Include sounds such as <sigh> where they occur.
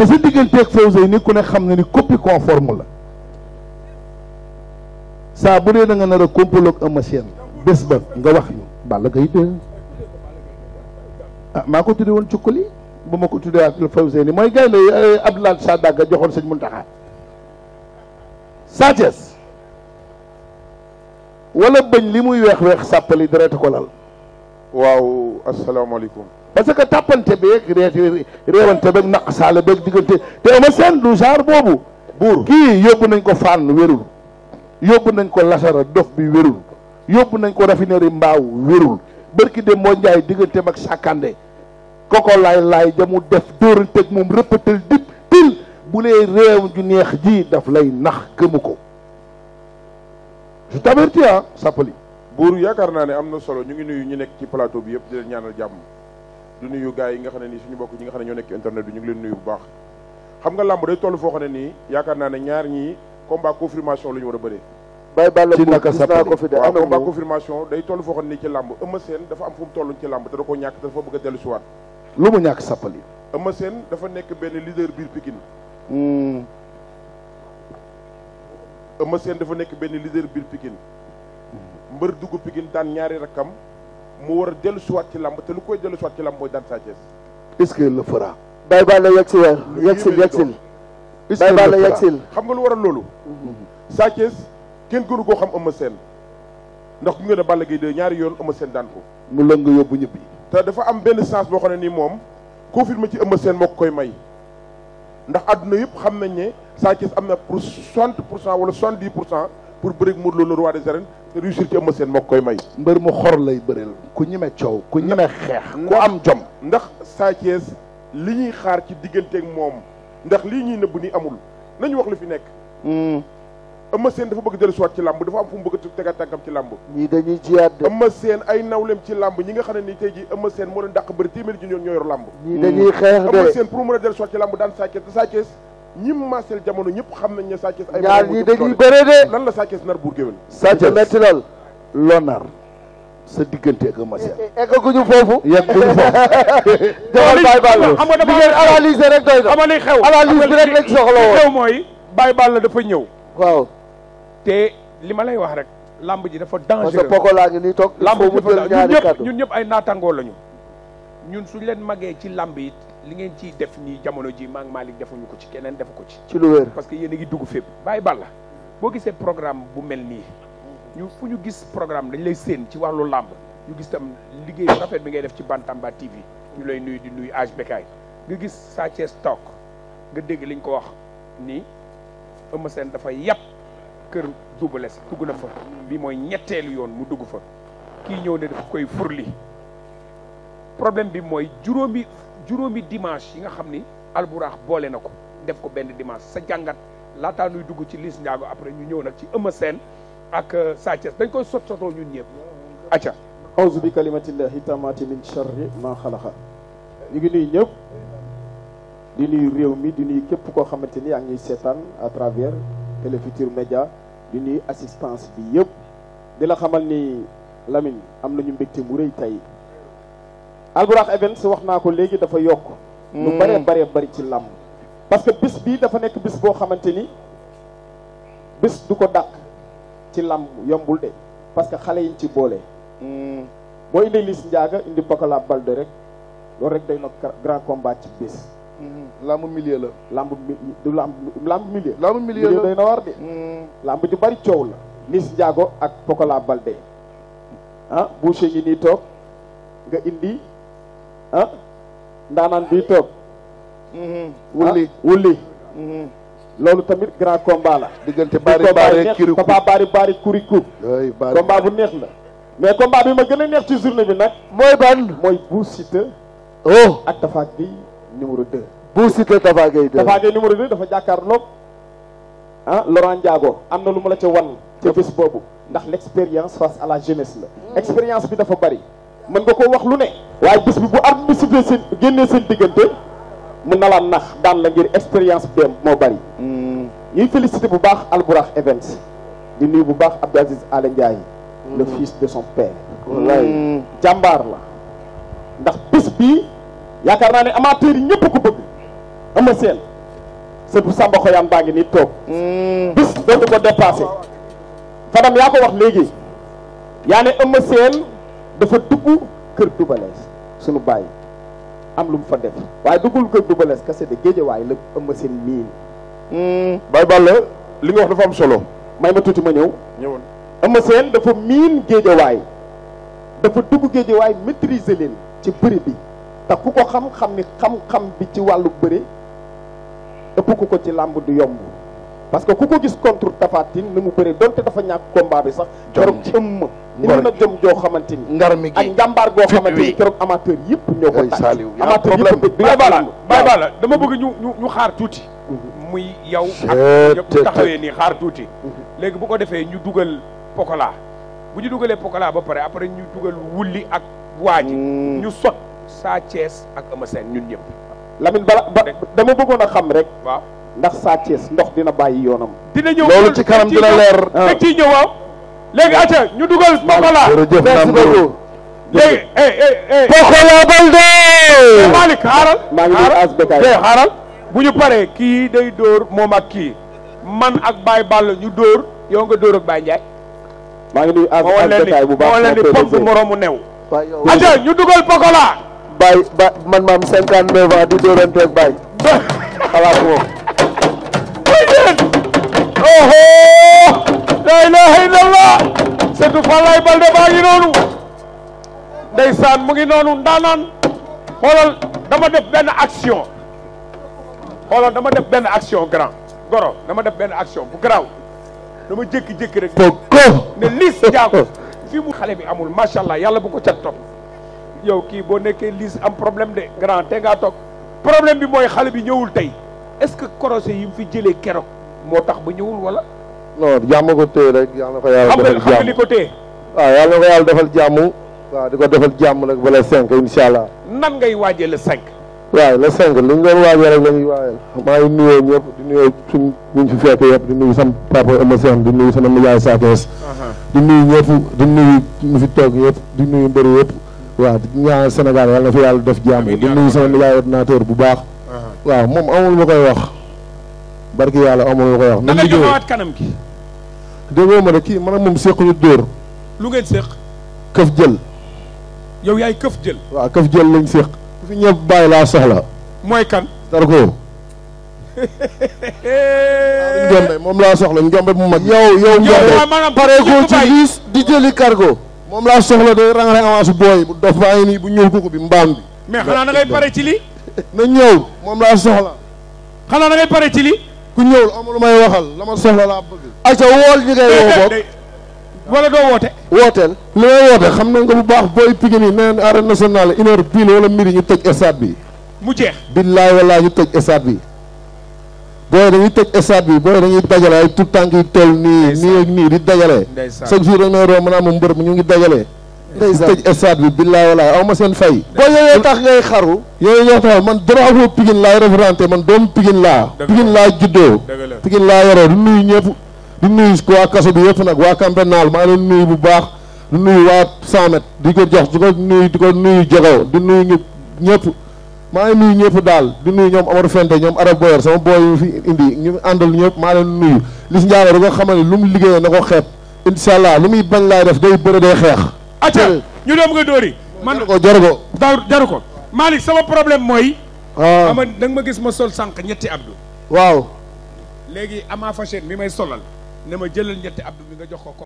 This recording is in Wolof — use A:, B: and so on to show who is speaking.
A: te sa digganteeg Fawzeyni ku ne xam na ni
B: copie conforme la saa bu dee da nga nar a complot ak Eumeu bés ba nga wax ni Balla Gaye de ah maa
A: ko tudde woon cukkali bu ma ko tuddee ak Fawzeyni mooy gaynde eh, Abdoulaye Sadaga joxoon sëñ Muntaxa Sa Thiès wala bëñ li muy weex weex sàppali deretu ko lal
C: waaw asalaamaaleykum
A: parce que
B: tàppante beeg ree réewante beeg naqasaale beeg diggante te ama seen du genre boobu buur kii yóbbu nañ ko fànn werul yóbbu nañ ko lasara dof bi wérul yóbbu nañ ko raffinerie mbaaw wérul bërki de moo njaay diggante mag sàkkande koko laay laay jamu def dóoranteg moom rëppatal dip til bu lee réew ju neex ji daf lay nax gëmu ko
C: je t'avertis ah sàppali buur yaakaar naa ne am na solo ñu ngi nuyu ñu nekk ci plateau bi yëpp di leen jàmm du nuyu gars yi nga xam ne nii suñu bokk ñi nga xam ne ñoo nekk internet bi ñu ngi leen nuyu bu baax xam nga làmb day toll foo xam ne nii yaakaar naa ne ñaar ñi ñii combat confirmation la ñu war a bëree bay bàll ci naka sa ko fi de waaw foo xam ne nii ci làmb Eumeu dafa fu mu toll ci làmb te da ko ñàkk te dafa bëgg a dellu siwaat lu mu ñàkk sàppali Eumeu Sène dafa nekk benn leader biir Pikine hmm. Eumeu Sène dafa nekk benn leader biir Pikine mbër dugg Pikine daan ñaari rakkam mu war a dellu si ci làmb te lu koy dellu si waat ci làmb mooy daan Sa Thiès. est-ce qu'il le fera. Baye Balla yegg si weer yegg si yegg xam nga lu waral loolu. Sa Thiès kenn gënu koo xam Eumeu Sène ndax ku ngeen a Balla Gaye de ñaari yoon Eumeu seen daan ko. mu lëng yóbbu ñëpp. te dafa am benn chance boo xam ne nii moom confirmé ci Eumeu Sène moo ko koy may ndax àdduna yëpp xam nañ ne Sa Thiès am na pour soixante pour cent wala soixante-dix pour cent. pour bëri Modou Lo le roi des arènes te réussir ci Eumeu Sène moo koy may mbër mu xor lay
B: bëreel ku ñeme coow ku ñeme xeex
C: ku am jom ndax Sa li ñuy xaar ci digganteeg moom ndax lii ñuy nëbb ni amul nañu wax lu fi nekk hmm. Eumeu Sène dafa bëgg dellu siwaat ci làmb dafa am fu mu bëgg tegaat tànkam ci làmb ñii dañuy jiyaat de Eumeu ay nawleem ci làmb ñi nga xam ne nii tey ji Eumeu moo leen dàq bëri téeméeri ji ñoo yor làmb ñii dañuy hmm. xeex de Eumeu pour mu Sa ñim maaseel jamono ñëpp xam nañ ne Sa Thiès ay ñaar ñi dañuy bëre de lan la Sa Thiès nar buur Sa Thiès metti lool
B: loo nar sa diggante ak maaseel
C: e-, eggaguñu
B: foofu yegguñu foofu <laughs> demal Baye Balla xam nga dama ngeen analyse rek doy na xama xew analyse bi rek lañ soxla woon xew
A: mooy Baye dafa ñëw waaw te li ma lay wax rek lamb ji dafa dangereux parce que poko laa
B: ngi nii toog lamb ji dafa
A: ñun ñëpp ay naatangoo lañu ñun suñ leen magee ci làmb yit li ngeen ci def ñuy jamono ji maa ngi Malick defuñu ko ci keneen defu ko ci. ci lu wér parce que yéen a ngi dugg fépp. bàyyi balla boo gisee programme bu mel nii fu ñu gis programme dañ lay séen ci wàllu làmb ñu gis tam liggéey rafet bi ngay def ci Bantamba TV ñu lay nuyu di nuyu âge békaay nga gis Sa Thiès toog nga dégg lañ ko wax ni Eumeu Sène dafa yàpp kër Double Less dugg na fa bi mooy ñetteelu yoon mu dugg fa ki ñëw ne dafa koy furli problème bi mooy juróomi juróomi dimanche yi nga xam ni alburaax boole na ko def ko benn dimanche sa jàngat laataa nuy dugg ci Liss Ndiago après ñu ñëw nag ci Eumeu ak euh, Sa Thiès dañ koy sot sotoo ñu ñëpp acca auzu bi kalimatillahi tamati min sharri ma xalaqa ñu ngi nuyu ñëpp di nuyu réew mi di nuyu képp koo xamante ni yaa ngi seetaan à travers Télé Futurs Médias di nuyu assistance bi yëpp di la xamal ni Lamine am nañu mbégte mu rëy tey Albourakh Events wax naa ko léegi dafa yokk lu hmm. bare bare bari ci làmb parce que bis bii dafa nekk bis boo xamante ni bis du ko dàq ci làmb yombul de parce que xale yiñ ci boole hmm. boo indi Liss Ndiaga indi Pokola Balde rek loolu rek day na grand combat hmm. làmb la làmb du làmb làmb milieu la day na war làmb ju bari coow la Liss Ndiago ak Pokola Balde ah ngi nii toog nga indi ah ndaanaan bii toog mm-hmm. wulli wulli mm-hmm. loolu tamit grand combat la diggante baari baari kiriku papa baari baari kuriku combat bu neex la mais combat bi ma gën a neex ci journée bi nag mooy ban mooy Bou Siteu oh ak Tapha Gueye numéro deux Bou Siteu Tapha Gueye deux numéro deux dafa jàkkaarloog ah Laurent Ndiago am na lu ma la ca wan ca bés boobu ndax lexpérience expérience face à la jeunesse la mm. expérience bi dafa bari mën nga koo wax lu ne waaye bis bi bu ar bi sifle seen génnee seen diggante mun na laa nax daan la ngir expérience bi moo bari hmm. ñuy félicité bu baax Albourakh Events di nuyu bu baax Abdou Aziz Ala Ndiaye hmm. le fils de son père wallaay hmm. jàmbaar la ndax bis bi yaakaar naa ne amateurs yi ñëpp ko bëgg ama seen sëtu Samba Xoyaan baa ngi nii toog bis dootu ko dépassé Fadam yaa ko wax léegi yaa ne Eumeu Sène dugg kër dubalees sunu bàyyi am lu mu fa def waaye duggul kër dubalees kese de géejawaay la ëmb seen miin hmm, bay bàlla li nga wax dafa am solo may ma tuuti ma ñëw ñëwoon ëmb seen dafa miin géejawaay dafa dugg géejawaay maîtriser leen ci bëri bi te ku ko xam-xam ni xam-xam bi ci wàllu bëri ëpp ku ko ci làmb du yomb parce que ku ko gis contre Tapha Tine ni mu bëri donte dafa ñàkk combat bi sax keroog ëmm mën a jëm xamante ni ngar mi gi ak njàmbaar goo xamante ni keroog amateur yëpp
B: ñoo koy saaliw
A: amateur yëpp bay bala bay bala dama bëgg ñu ñu xaar tuuti mhm. muy yow ak ñëpp taxawee ni xaar tuuti mhm. léegi bu ko defee ñu dugal pokola bu ñu dugalee pokola ba pare après ñu dugal wulli ak waaji mm. ñu sot Sa Thiès ak Eumeu ñun ñëpp Lamine bala ba dama bëggoon a xam rek waaw ndax Sa Thiès ndox dina bàyyi yoonam dina ñëw loolu ci kanam dina leer da ciy ñëw léegi acca ñu dugal Pokola merci beaucoup léegi eh, eh, eh. Pokola Baldé Malick xaaral xaaral bu ñu paree kii day dóor moom ak kii man ak Baye Ball ñu dóor yow nga dóor ak Baye Ndiaye maa ngi nuyu as bu baax moo leen ni pompe moroomu new acca ñu dugal Pokola Baye ba man
B: maam cinquante neuf ans di dóorante ak Baye xalaat moom
A: oho la ilaha illa Touba surtout Falaye Balde baa ngi noonu ndeysaan mu ngi noonu ndaanaan xoolal dama def benn action xoolal dama def benn action grand goro dama def benn action bu garaaw dama jékki-jékki rek. ko ne Liss Ndiago fi mu xale bi amul macha allah yàlla bu ko cat topp yow kii boo nekkee Liss am problème de grand te ngaa toog problème bi mooy xale bi ñëwul tey est-ce que corosé yi mu fi jëlee keroog moo tax ba ñëwul wala.
B: non jàmm ko téye rek yàlla ko yàlla defal jàmm
A: nga
B: ko waaw yàlla ko defal jàmm waaw di ko defal jàmm nag ba le cinq incha allah
A: nan ngay waajee le cinq
B: waaw le cinq li ñu doon waajee rek la ñuy waajal maa ngi nuyoo ñëpp suñ ñu fi fekk yëpp di nuyu sama papa Eumeu Sène di nijaay Sakees di nuyu ñëpp di nuyu ñu fi toog yëpp du nuyu mbëri yëpp waaw di ñaan Sénégal yàlla na fi yàlla def jàmm di nuyu sama nijaay ordinateur bu baax waaw moom amul ma koy wax barki yàlla amul ma koy wax na nga joxewaat gi déggoo ma ne kii man a moom séquñu dóor
A: lu ngeen séq këf jël yow yaay këf jël waaw këf jël lañ séq ku fi ñëpp
B: bàyyi laa soxla mooy kan Zarko
A: <laughs> njombe
B: moom laa soxla njombe mu mag yow yow njombe pareegul ci liis di jëli cargo moom laa soxla day rang avance booy bu dof baa ngi nii bu ñuul kuku bi mbaam bi mais xanaa da ngay pare ci li <laughs> na ñëw moom laa soxla xanaa da ngay pare ci li ku ñëwul amul may waxal la ma soxla laa bëgg. ayca wool ñu ngay woo boog. doo woote. wooteel li may woote xam na nga bu baax booy Pikine yi nee na arène nationale une heure pile wala midi ñu tëj stade bi. mu jeex. billaay walaay ñu tëj stade bi. booy dañuy tëj stade bi booy dañuy dajale ay tout tànk yu toll nii nii ak nii di dajale. chaque jour rek may romb naa ma mbër mi ñu ngi dajale. ndeysaan tëj stade bi billaay walaay aw ma seen fay. boo yooyee tax ngay xaru. yooyu ñoo tax man drapeau Pikine laay laa. Pikine laa juddoo. laa yoroo du nuyu ñëpp. du nuyu nag waa Campenaal maa ngi leen bu baax. du nuyu waa 100 mètres di ko jox di ko nuyu di ko nuyu Jogo di nuyu ñëpp ñëpp. daal di nuyu ñoom Amar Fente ñoom Arab Boyer sama booy yu fi ñu àndal ñëpp maa leen nuyu. Liss Ndiago di ko ne lu mu liggéeyee na ko xeeb incha allah lu muy bañ laay def day bëre day xeex acca ñu dem nga dóori man ko jaru ko jaru ko Malick sama problème mooy waaw ah. ama
A: da ma gis ma sol sànq ñetti abdu
B: waaw léegi
A: ama fashion mi may solal ne ma jëlal ñetti abdu bi nga jox ko ko